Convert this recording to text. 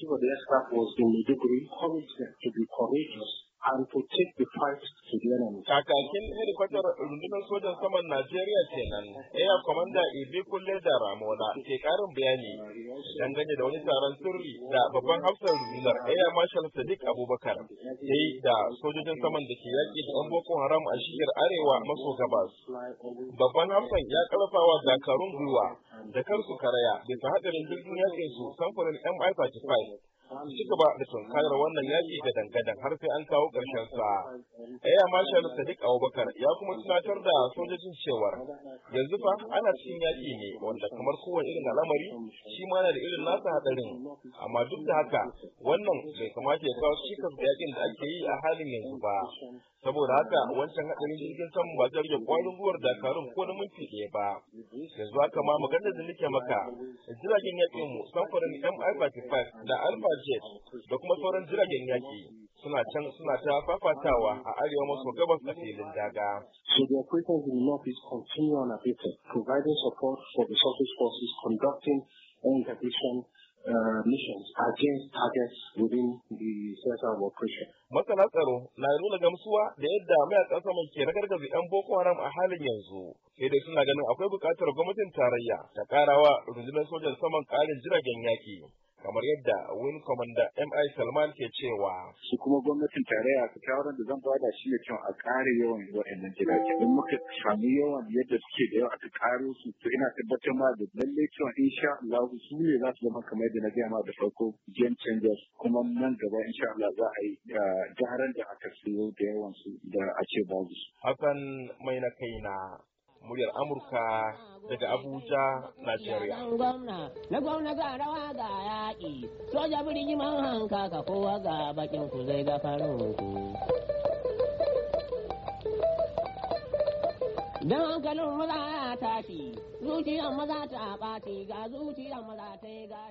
she was asked was the degree encouraged to be courageous and take the fight to the enemy. Kakakin hedikwatar rundunar sojan saman Najeriya kenan, Air Commander Ibe Kulle da Ramona ke karin bayani dangane da wani taron sirri da babban hafsar rundunar Air Marshal Sadiq Abubakar ya yi da sojojin saman da ke yaƙi da Boko Haram a shiyar arewa maso gabas. Babban hafsan ya karfawa dakarun gwiwa da kansu karaya bisa haɗarin jirgin yaƙinsu samfurin MI-35 Suka gaba da tunkarar wannan yaki ga dangadan har sai an kawo ƙarshen sa. Eh, Aya Marshal Sadiq Abubakar ya kuma tunatar da sojojin cewar yanzu fa ana cikin yaki ne wanda kamar kowane irin al'amari shi ma yana da irin nasa hadarin amma duk da haka wannan bai kamata ya kawo cikas da yakin da ake yi a halin yanzu ba. Saboda haka wancan hadarin jirgin saman ba zai rage kwarin gwiwar Dakarun ko na minti ɗaya ba. Yanzu haka ma maganar da nake maka jiragen yakin mu samfurin MI-35 da Alfa jet da kuma sauran jiragen yaƙi suna can suna ta fafatawa a arewa maso gabas a filin daga. So the operators in the north is continue bit, providing support for the surface forces conducting intervention uh, missions against targets within the of operation. Masana tsaro na nuna gamsuwa da yadda mayakan saman ke ragargaza 'yan Boko Haram a halin yanzu. Sai dai suna ganin akwai buƙatar gwamnatin tarayya ta ƙarawa rundunar sojan saman ƙarin jiragen yaƙi. kamar yadda wing commander MI Salman ke cewa. Shi kuma gwamnatin tarayya ta shawarar da zan bada shi ne cewa a ƙara yawan waɗannan jirage. In muka sami yawan yadda suke da yawa a ƙaro su to ina tabbatar ma da lallai cewa insha Allah su ne za su zama kamar yadda na gaya ma da farko game changers kuma nan gaba insha Allah za a yi gyaran da aka siyo da yawan su da a ce babu su. Hassan mai na kai na. muryar Amurka daga Abuja, Najeriya. Na gwamna ga rawa ga yaƙi, soja birni man hanka ka kowa ga bakin ku zai ga ku. Don hankalin maza ya tashi, zuciyar maza ta ɓaci ga zuciyar maza ta yi